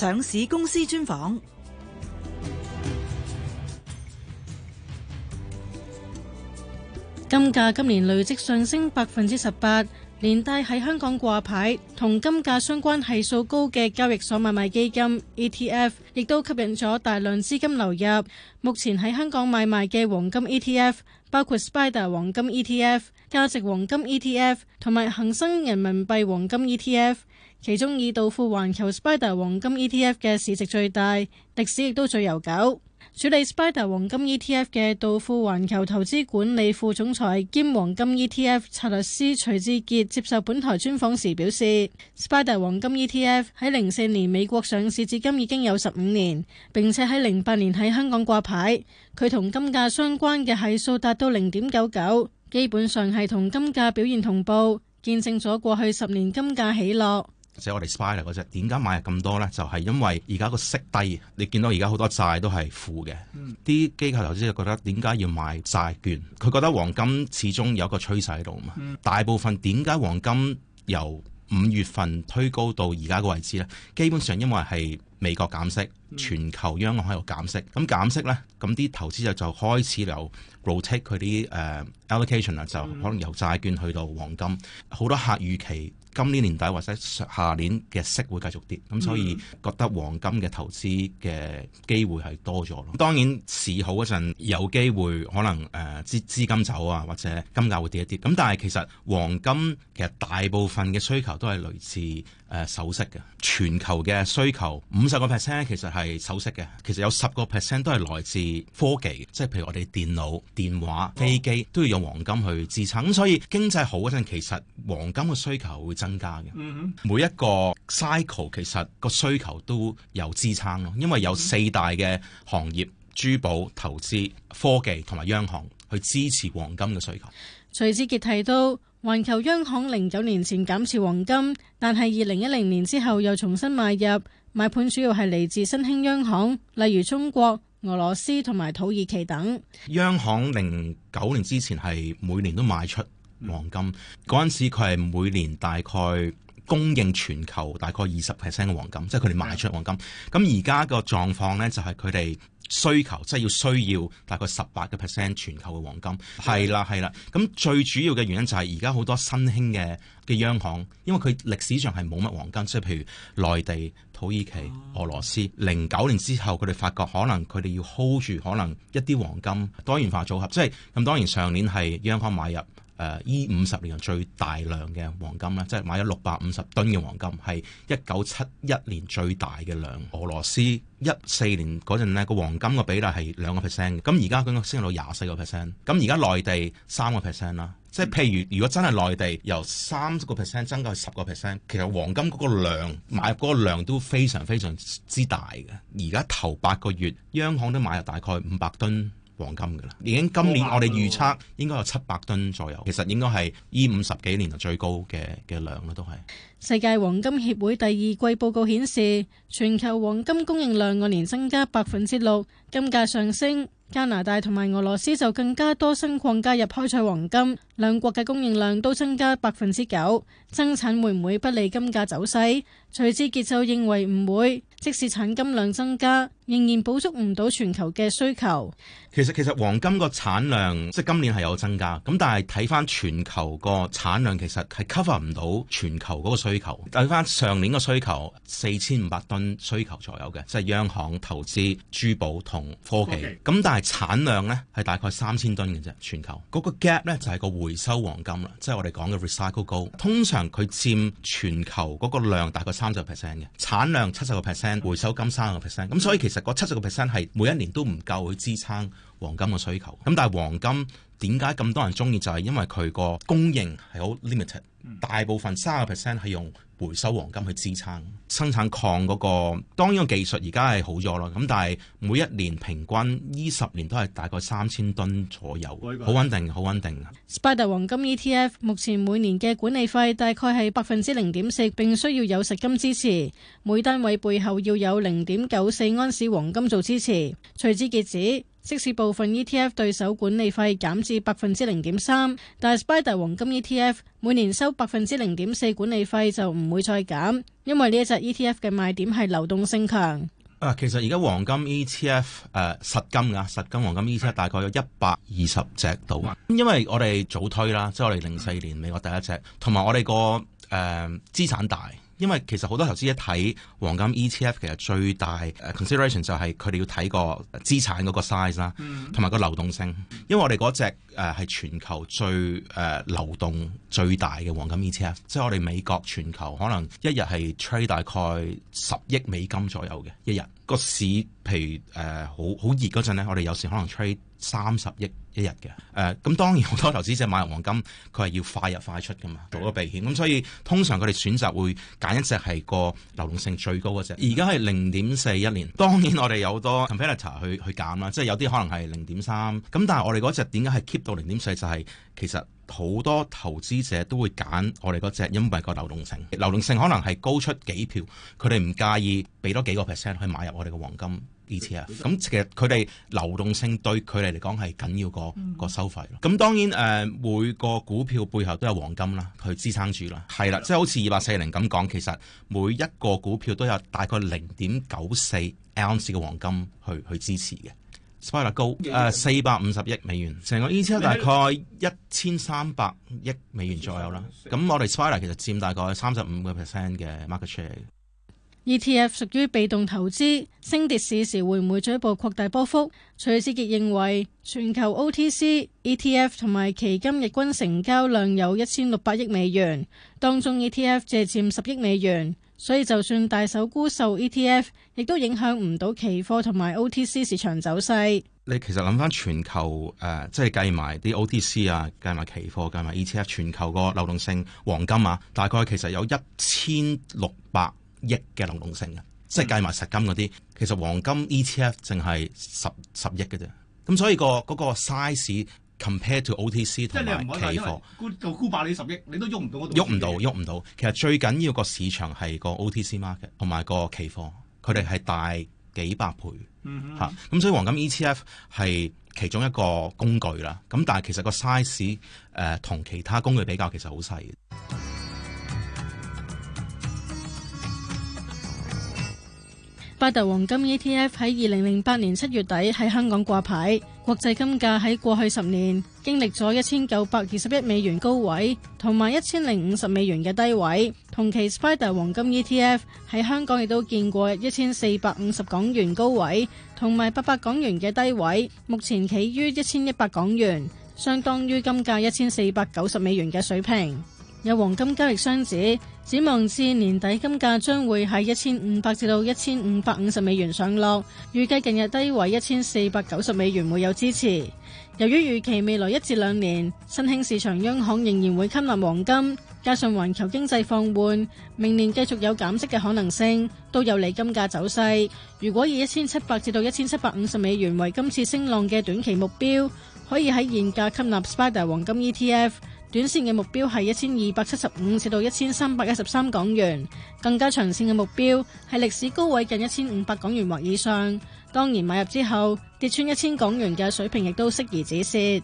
上市公司專訪，金價今年累積上升百分之十八，連帶喺香港掛牌同金價相關係數高嘅交易所買賣基金 （ETF） 亦都吸引咗大量資金流入。目前喺香港買賣嘅黃金 ETF，包括 SPDR 黃金 ETF、價值黃金 ETF 同埋恒生人民幣黃金 ETF。其中，以道富環球 Spider 黃金 ETF 嘅市值最大，歷史亦都最悠久。主理 Spider 黃金 ETF 嘅道富環球投資管理副總裁兼黃金 ETF 策略師徐志杰接受本台專訪時表示：Spider 黃金 ETF 喺零四年美國上市，至今已經有十五年，並且喺零八年喺香港掛牌。佢同金價相關嘅係數達到零點九九，基本上係同金價表現同步，見證咗過去十年金價起落。或者我哋 Spider 嗰隻，點解買入咁多呢？就係、是、因為而家個息低，你見到而家好多債都係負嘅，啲、嗯、機構投資者覺得點解要買債券？佢覺得黃金始終有一個趨勢喺度嘛。嗯、大部分點解黃金由五月份推高到而家個位置呢？基本上因為係。美國減息，嗯、全球央行喺度減息，咁減息呢？咁啲投資者就開始有 rotate 佢啲誒 allocation 啊，就可能由債券去到黃金。好、嗯、多客預期今年年底或者下年嘅息會繼續跌，咁所以覺得黃金嘅投資嘅機會係多咗咯。嗯、當然市好嗰陣有機會可能誒資資金走啊，或者金價會跌一啲。咁但係其實黃金其實大部分嘅需求都係來自誒首飾嘅，全球嘅需求五十個 percent 其實係首飾嘅。其實有十個 percent 都係來自科技，即係譬如我哋電腦、電話、飛機都要用黃金去支撐。咁、嗯、所以經濟好嗰陣，其實黃金嘅需求會增加嘅。每一個 cycle 其實個需求都有支撐咯，因為有四大嘅行業，珠寶、投資、科技同埋央行去支持黃金嘅需求。徐志傑提到，環球央行零九年前減持黃金，但係二零一零年之後又重新買入。買盤主要係嚟自新興央行，例如中國、俄羅斯同埋土耳其等。央行零九年之前係每年都賣出黃金，嗰陣、嗯、時佢係每年大概供應全球大概二十 percent 嘅黃金，即係佢哋賣出黃金。咁而家個狀況呢，就係佢哋。需求即係要需要大概十八個 percent 全球嘅黃金，係啦係啦。咁最主要嘅原因就係而家好多新興嘅嘅央行，因為佢歷史上係冇乜黃金，即係譬如內地、土耳其、俄羅斯。零九、oh. 年之後，佢哋發覺可能佢哋要 hold 住可能一啲黃金多元化組合，即係咁。當然上年係央行買入。誒，呢五十年最大量嘅黃金咧，即係買咗六百五十噸嘅黃金，係一九七一年最大嘅量。俄羅斯一四年嗰陣咧，個黃金嘅比例係兩個 percent，咁而家應該升到廿四個 percent。咁而家內地三個 percent 啦，即係譬如如果真係內地由三十個 percent 增加到十個 percent，其實黃金嗰個量買入嗰個量都非常非常之大嘅。而家頭八個月央行都買入大概五百噸。黃金噶啦，已經今年我哋預測應該有七百噸左右，其實應該係呢五十幾年最高嘅嘅量啦，都係。世界黃金協會第二季報告顯示，全球黃金供應量按年增加百分之六，金價上升。加拿大同埋俄羅斯就更加多新礦加入開採黃金，兩國嘅供應量都增加百分之九。增產會唔會不利金價走勢？徐志傑就認為唔會，即使產金量增加，仍然補足唔到全球嘅需求。其實其實黃金個產量即今年係有增加，咁但係睇翻全球個產量，其實係 cover 唔到全球嗰個需求。睇翻上年嘅需求，四千五百噸需求左右嘅，即係央行投資、珠寶同科技，咁 Okay. 但產量咧係大概三千噸嘅啫，全球嗰個 gap 咧就係個回收黃金啦，即係我哋講嘅 recycle gold。通常佢佔全球嗰個量大概三十 percent 嘅產量七十個 percent，回收金三十個 percent。咁所以其實嗰七十個 percent 係每一年都唔夠去支撐。黃金嘅需求咁，但係黃金點解咁多人中意？就係、是、因為佢個供應係好 limited，大部分三十 percent 係用回收黃金去支撐生產礦嗰、那個。當然個技術而家係好咗咯，咁但係每一年平均呢十年都係大概三千噸左右，好穩定，好穩定。Spider 黃金 ETF 目前每年嘅管理費大概係百分之零點四，並需要有實金支持，每單位背後要有零點九四安士黃金做支持。徐志傑指。即使部分 ETF 對手管理費減至百分之零點三，但 SPDR 黃金 ETF 每年收百分之零點四管理費就唔會再減，因為呢一隻 ETF 嘅賣點係流動性強啊。其實而家黃金 ETF 誒、呃、實金噶實金黃金 ETF 大概有一百二十隻到啊，因為我哋早推啦，即係我哋零四年美國第一隻，同埋我哋個誒資產大。因為其實好多投資一睇黃金 ETF 其實最大、uh, consideration 就係佢哋要睇個資產嗰個 size 啦、嗯，同埋個流動性。因為我哋嗰隻誒係、uh, 全球最誒、uh, 流動最大嘅黃金 ETF，即係我哋美國全球可能一日係 trade 大概十億美金左右嘅一日。嗰個市譬如誒、uh, 好好熱嗰陣咧，我哋有時可能 trade 三十億一日嘅，誒、uh, 咁、嗯、當然好多投資者買入黃金，佢係要快入快出噶嘛，做咗避險。咁、嗯、所以通常佢哋選擇會揀一隻係個流動性最高嗰隻。而家係零點四一年，當然我哋有好多 competitor 去去減啦，即係有啲可能係零點三。咁但係我哋嗰隻點解係 keep 到零點四就係、是、其實。好多投資者都會揀我哋嗰隻，因為個流動性，流動性可能係高出幾票，佢哋唔介意俾多幾個 percent 去買入我哋嘅黃金，呢次啊，咁其實佢哋流動性對佢哋嚟講係緊要過個收費咯。咁、嗯、當然誒、呃，每個股票背後都有黃金啦，去支撐住啦，係啦、嗯，即係、就是、好似二百四零咁講，其實每一個股票都有大概零點九四 o u 嘅黃金去去支持嘅。SPDR 高，誒，四百五十億美元，成個 ETF 大概一千三百億美元左右啦。咁我哋 SPDR 其實佔大概三十五個 percent 嘅 market share。ETF 屬於被動投資，升跌市時會唔會進一步擴大波幅？徐志傑認為，全球 OTC ETF 同埋期金日均成交量有一千六百億美元，當中 ETF 借佔十億美元。所以就算大手沽售 ETF，亦都影響唔到期貨同埋 OTC 市場走勢。你其實諗翻全球誒、呃，即係計埋啲 OTC 啊，計埋期貨，計埋 ETF，全球個流動性黃金啊，大概其實有一千六百億嘅流動性啊。即係計埋實金嗰啲。其實黃金 ETF 淨係十十億嘅啫，咁所以個個 size。Compare to OTC 同埋期貨，就沽百幾十億，你都喐唔到我，喐唔到，喐唔到。其實最緊要個市場係個 OTC market 同埋個期貨，佢哋係大幾百倍。嗯哼，咁所以黃金 ETF 係其中一個工具啦。咁但係其實個 size 誒、呃、同其他工具比較其實好細。SPDR 黃金 ETF 喺二零零八年七月底喺香港掛牌，國際金價喺過去十年經歷咗一千九百二十一美元高位同埋一千零五十美元嘅低位，同期 SPDR 黃金 ETF 喺香港亦都見過一千四百五十港元高位同埋八百港元嘅低位，目前企於一千一百港元，相當於金價一千四百九十美元嘅水平。有黃金交易商指，展望至年底金價將會喺一千五百至到一千五百五十美元上落，預計近日低位一千四百九十美元會有支持。由於預期未來一至兩年，新興市場央行仍然會吸納黃金，加上環球經濟放緩，明年繼續有減息嘅可能性，都有利金價走勢。如果以一千七百至到一千七百五十美元為今次升浪嘅短期目標，可以喺現價吸納 Spider 黃金 ETF。短線嘅目標係一千二百七十五至到一千三百一十三港元，更加長線嘅目標係歷史高位近一千五百港元或以上。當然，買入之後跌穿一千港元嘅水平亦都適宜止蝕。